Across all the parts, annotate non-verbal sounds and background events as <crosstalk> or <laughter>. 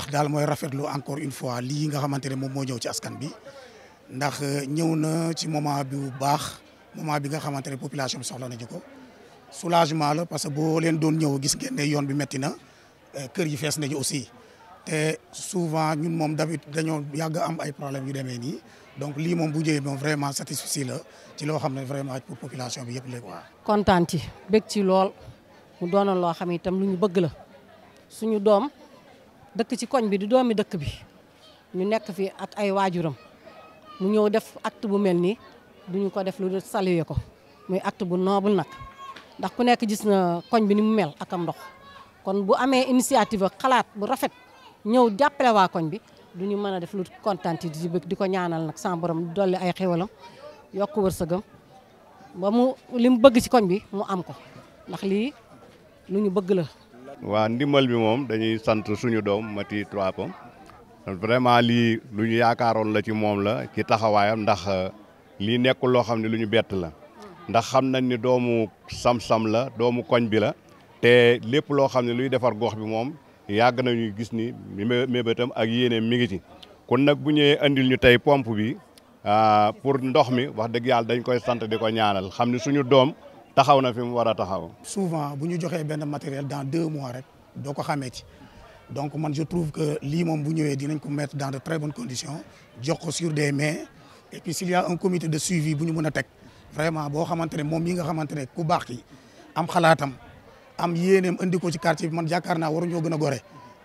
wax daal mooy rafetlu encore une fois lii nga xamante ne moom moo ñëw ci askan bi ndax euh, ñëw na ci moment bu baax moment bi nga xamante ne population bi soxla nañu ko soulagement la parce que boo leen doon ñëw gis ngeen yoon bi métti na euh, kër yi fees nañu aussi te souvent ñun moom damit dañoo yàgg am ay problèmes yu demee nii donc lii moom bu ñëwee moom vraiment satisfait la ci loo xam ne vraiment pour population bi yëpp la quoi. kontaan bëgg ci lool mu doonoon loo xam itam lu ñu bëgg la suñu doom. dëkk ci koñ bi di doomi dëkk bi ñu nekk fi ak ay waajuram mu ñëw def acte bu mel nii duñu ko def lu dul saluer ko muy acte bu noble nag ndax ku nekk gis na koñ bi ni mu mel ak am ndox kon bu amee initiative ak xalaat bu rafet ñëw jàppale waa koñ bi du ñu mën a def lu kontaan di di ko ñaanal nag sama borom dolli ay xéwalam yokk wërsëgam ba mu li mu bëgg ci koñ bi mu am ko ndax lii lu ñu bëgg la waa ndimbal bi moom dañuy sant suñu doom Mati Trois Pommes vraiment lii lu ñu yaakaaroon la ci moom la ci taxawaayam ndax euh, lii nekkul loo xam ne lu ñu bett la ndax xam nañ ni doomu sam-sam la doomu koñ bi la te lépp loo xam ne luy defar gox bi moom yàgg nañu gis ni mébétam ak yéene mi ngi ci kon nag bu ñëwee andil ñu tey pomp bi euh, pour ndox mi wax dëgg yàlla dañ koy sant di ko ñaanal xam ne suñu doom souvent bu ñu matériel dans deux mois donc je trouve que lii moom bu dans de très bonnes conditions jox ko sur des mains et puis s'il y a un comité de suivi bu ñu mën vraiment boo xamante ne yi nga xamante ku baax am am ko ci quartier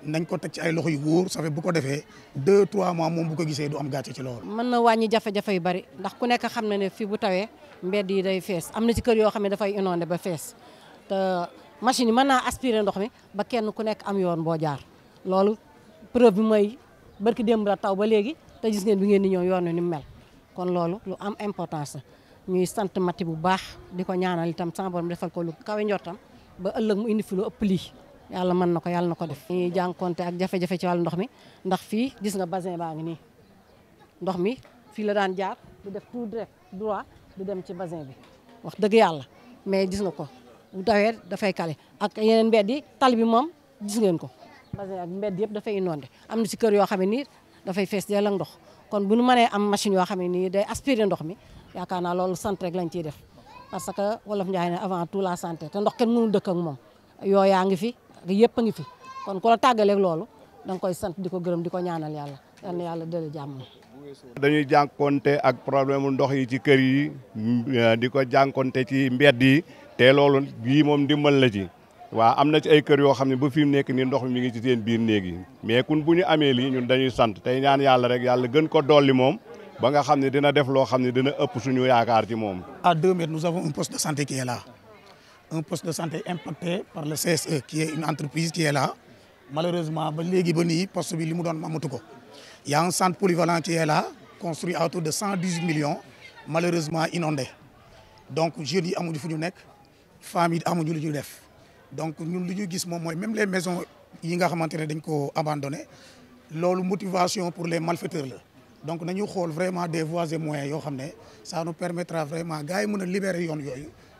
nañ ko tek ci ay loxo yu woor ça fait bu ko defé 2 3 mois mom bu ko gisé du am gatché ci lool man na wàññi jafe-jafe yu bari ndax ku nekk xam né ne bu tawé mbéd yi day fees am ci kër yo xamné da fay inondé ba fees té machine man na aspirer ndox mi ba kenn ku nekk am yoon bo jaar lool preuve bi may barki démb la taw ba légui té gis ngeen bi ngeen ni ñoo yoon ni mel kon lool lu am importance ñuy sante Mati bu baax diko ñaanal itam sama borom defal ko lu kawé ñortam ba ëlëk mu indi fi lu ëpp li yalla man nako yalla nako def ñuy jankonté ak jafé jafé ci wàllu ndox mi ndax fi gis nga bassin baangi ni nii ndox mi fi la daan jaar du def tout direct droit du dem ci bassin bi wax deug yalla mais gis nga ko bu da fay calé ak yenen mbéddi tal bi mom gis ngeen ko bassin ak mbéddi yépp da fay inondé amna ci kër yo xamé ni da fay fess jël ak ndox kon bu ñu mënee am machine yo xamé ni day aspirer ndox mi yakana naa loolu sant rek lañ ciy def parce que wolof Njaay na avant tout la santé té ndox ken mënu dëkk ak mom yo yaangi fi yëpp a ngi fi kon ku la tàggaleeg loolu da koy sant di ko gërëm di ko ñaanal yàlla yal yàlla dële jàmm. dañuy jànkonte ak problème mu ndox yi ci kër yi eh, di ko jànkonte ci mbedd yi te loolu bii moom dimbal la ci. waaw am na ci ay kër yoo xam ne ba fii mu nekk nii ndox mi ngi ci seen biir néeg yi mais kun bu ñu amee lii ñun dañuy sant tey ñaan yàlla rek yàlla gën ko li moom ba nga xam ne dina def loo xam ne dina ëpp suñu yaakaar ci moom. à deux mètres nous avons un poste de santé un poste de santé impacté par le CSE qui est une entreprise qui est là malheureusement il poste y a un centre polyvalent qui est là construit autour de 118 millions malheureusement inondé donc jeudi, à à mon ñu famille amuñu lu donc nous avons ñu que même les maisons qui nga été c'est dañ motivation pour les malfaiteurs donc nous avons vraiment des voies et moyens ça nous permettra vraiment de libérer les gens.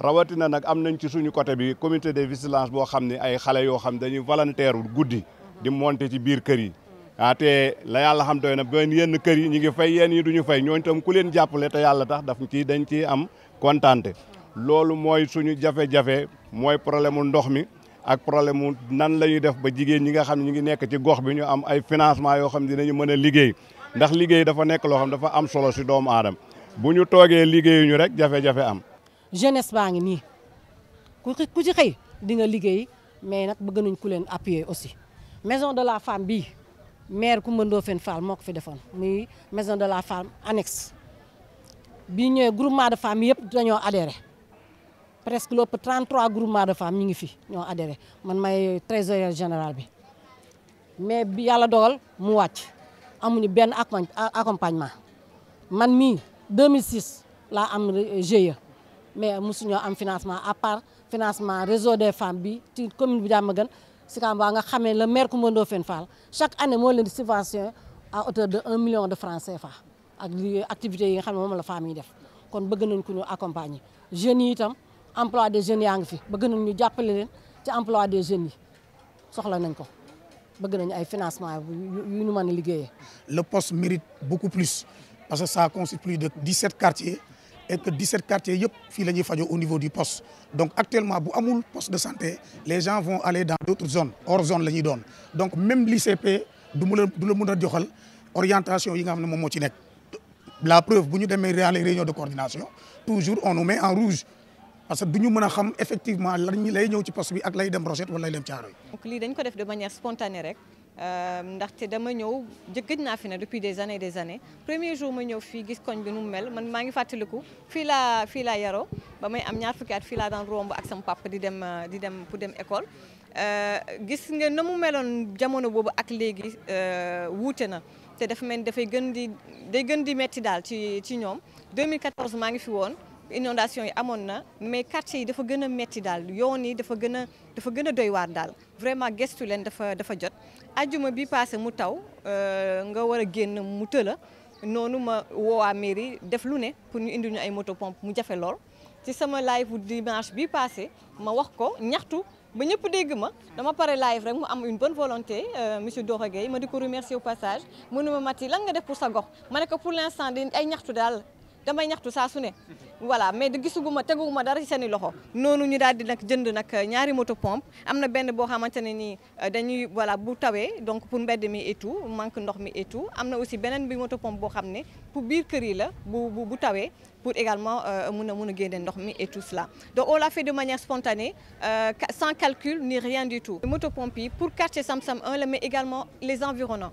rawatina nag am nañ ci suñu côté bi comité de vigilance boo xam ne ay xale yoo xam dañuy volontaire guddi di monter ci biir kër yi ah te la yàlla xam doy na benn yenn kër yi ñu ngi fay yenn yi duñu fay ñooñu tam ku leen jàppale te yàlla tax daf ci dañ ciy am kontante loolu mooy suñu jafe-jafe mooy problème mu ndox mi ak problème mu nan lañuy def ba jigéen ñi nga xam ne ñu ngi nekk ci gox bi ñu am ay financement yoo xam ne dinañu mën a liggéey ndax liggéey dafa nekk loo xam dafa am solo si doomu aadama bu ñu toogee liggéeyuñu rek jafe am jeunesse baa ngi ni ku ku ci xey di nga liggéey mais nak bëgg nañ ku leen appuyer aussi maison de la femme bi maire Coumba Ndoffène Fall moko fi defoon muy maison de la femme annexe bi ñëwee groupement de femmes yépp dañoo adhéré presque l'op 33 groupement de femmes ñi ngi fi ñoo adhéré man may trésorier général bi mais bi yalla dogal mu wacc amuñu benn accompagnement man mi 2006 la am euh, GIE mais mosuñoo am financement à part financement réseau des femmes bi ci commune bu Diamaguène Sicap Mbao nga xamé le maire fenfal chaque année mo leen di subvention à hauteur de 1 million de francs CFA ak li activités yi nga xam ne la femmes def kon bëgg nañ ko ñu accompagner jeunes yi itam emploi des jeunes yang fi bëgg nañ ñu jappalé leen ci emploi des jeunes yi soxla nañ ko bëgg nañ ay financement yu ñu mëna le poste mérite beaucoup plus parce que ça constitue plus de 17 quartiers et que 17 quartiers y été au niveau du poste donc actuellement bu amul poste de santé les gens vont aller dans d'autres zones hors zone de l'Idon. donc même l'ICP du mu la a joxal orientation yi nga la preuve si ñu demee les réunions de coordination toujours on nous met en rouge parce que nous ñu effectivement lan lay ñëw ci poste bi ak lay dem Rochette wala lay dem donc On dañ ko def de manière spontanée Euh, ndaxte dama ñëw gëj naa fi ne depuis des années des années premier jour ma ñëw fi gis koñ bi nu mu mel man maa ngi fàttaliku fii laa fii laa yaroo ba may am ñaar fukki at fii laa daan romb ak sama papa di dem euh, di dem pour dem école euh, gis nga na meloon jamono boobu ak léegi wuute na te dafa mel ni dafay gën di day gën di metti daal ci ci ñoom 2014 maa ngi fi woon inondation yi amoon na mais quartier yi dafa gën a métti daal yoon yi dafa gën a dafa gën a doy waar daal vraiment gestu leen dafa dafa jot ajjuma bi passé mu taw euh, nga war a génn mu tëla noonu ma woowaa mairie def lu ne pour ñu indi ñu ay moto pompe mu jafe lool ci sama live dimanche bi passé ma wax ko ñaxtu ba ñëpp dégg ma dama pare live rek mu am une bonne volonté euh, monsieur Dora Gueye ma di ko remercier au passage ma mati lan nga def pour sa gox ma ne ko pour l'instant di ay ñaxtu daal damay ñaxtu ça ça voilà mais ce teguguma dara ci sen loxo ñu moto euh, voilà donc pour nous mi et tout manque ndox mi et tout aussi une bi pour biir kër yi la bu pour également euh, et tout cela donc on l'a fait de manière spontanée euh, sans calcul ni rien du tout moto pompe pour quartier Samsung 1 mais également les environnants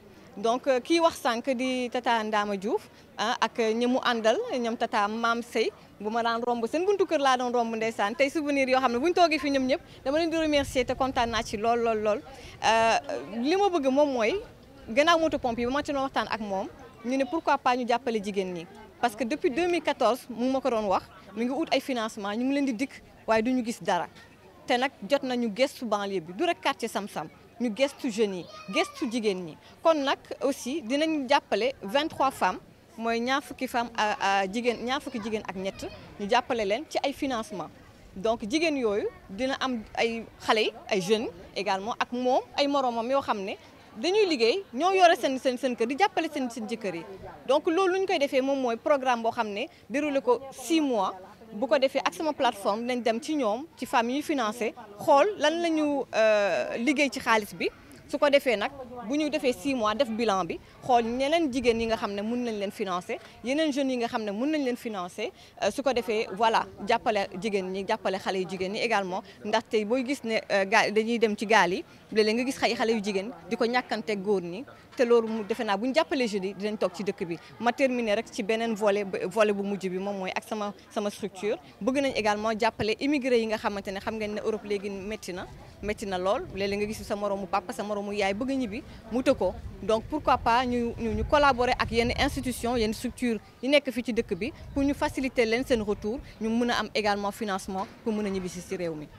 donc euh, ki wax sank di tata Ndama Diouf ah ak ñi andal ñom tata mam Sey buma daan romb seen buntu keur la daan romb ndeysaan tay souvenir yo xamne buñ bu fi ñom ñep dama leen di remercier te kontaan naa ci lool lool lool. euh lima bëgg mom moy gannaaw moto pompe yi ma ci doon waxtaan ak mom ñu ne pourquoi pas ñu jappalé jigen ni parce que depuis 2014 mu mako doon wax mi ngi out ay financement ñu ngi leen di dik waye duñu gis dara té nak jot nañu gëstu banlieue bi du rek quartier Sam Sam ñu gëstu jeunes yi gëstu jigéen ñi kon nak aussi dinañ jappalé 23 femmes moy ñaar fukki femmes à à jigen ñaar fukki jigen ak ñett ñu jappalé leen ci ay financement donc jigen yoyu dina am ay xalé ay jeunes également ak mom ay moromam yo xamné dañuy liggéey ñoo yoré seen seen seen kër di jappalé seen seen jëkkër donc loolu lu ñu koy défé mom moy programme bo xamné déroulé ko 6 mois bu ko defee ak sama plateforme nañ dem ci ñom ci femmes yi ñu financé xool lan lañu ñu euh, liggéey ci xaalis bi su ko defee nag bu ñu defee 6 mois def bilan bi xol ñeneen jigen yi nga xamné mën nañ leen financer yeneen jeune yi nga xamné mën nañ leen financer euh, su ko defee voilà jappalé jigen ñi jappalé xalé yu jigen ñi également ndaxte booy gis ne euh, gaal dañuy dem ci gal yi léeg-léeg nga gis xay xale yu jigen diko ñakanté ñàkkante ni té te loolu mu defe na buñu jappalé jàppalee jeunes yi dinañ toog ci dëkk bi ma terminer rek ci benen volet volet bu mujj bi mom moy ak sama sama structure bëgg nañ également jappalé immigré yi nga xamanté ne xam ngeen né Europe légui metti na metti na lool léeg nga gis sa moromu papa sa moromu moroomu yaay bëgg a mu donc pourquoi pas ñu ñu collaborer ak une institution une structure yi nekk de ci dëkk bi pour ñu faciliter leen retour ñu mën am également financement pour nous a au mieux. mi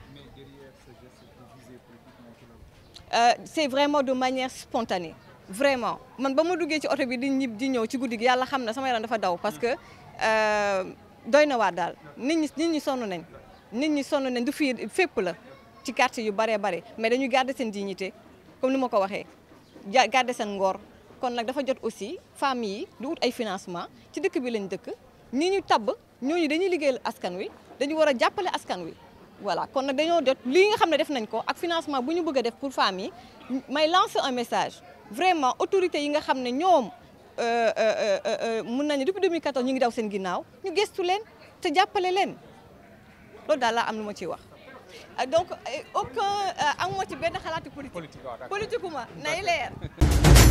euh, c'est vraiment de manière spontanée vraiment man ba ma duggee ci oto bi di ñib di ñëw ci guddi gi yàlla xam na sama yaram dafa daw parce que euh, doy na waar dal nit ñi nit ñi sonn nañ nit ñi sonn nañ du fi fépp la ci quartier yu bare bare mais dañu garder sen dignité comme ni ma ko waxee ja seen ngor kon nag dafa jot aussi femmes yi di wut ay financement ci dëkk bi lañ dëkk ñi ñu tabb ñooñu dañuy liggéey askan wi dañu war a jàppale askan wi voilà kon nag dañoo jot lii nga xam ne def nañ ko ak financement bu ñu bëgg a def pour femmes yi may lancer un message vraiment autorités yi nga xam ne ñoom euh, euh, euh, mun nañu depuis 2014 ñu ngi daw seen ginnaaw ñu gestu leen te jàppale leen loolu daal laa am lu ma ciy wax. Euh, donc euh, aucun euh, amoo ci benn xalaatu politique politiquement nay leer <laughs>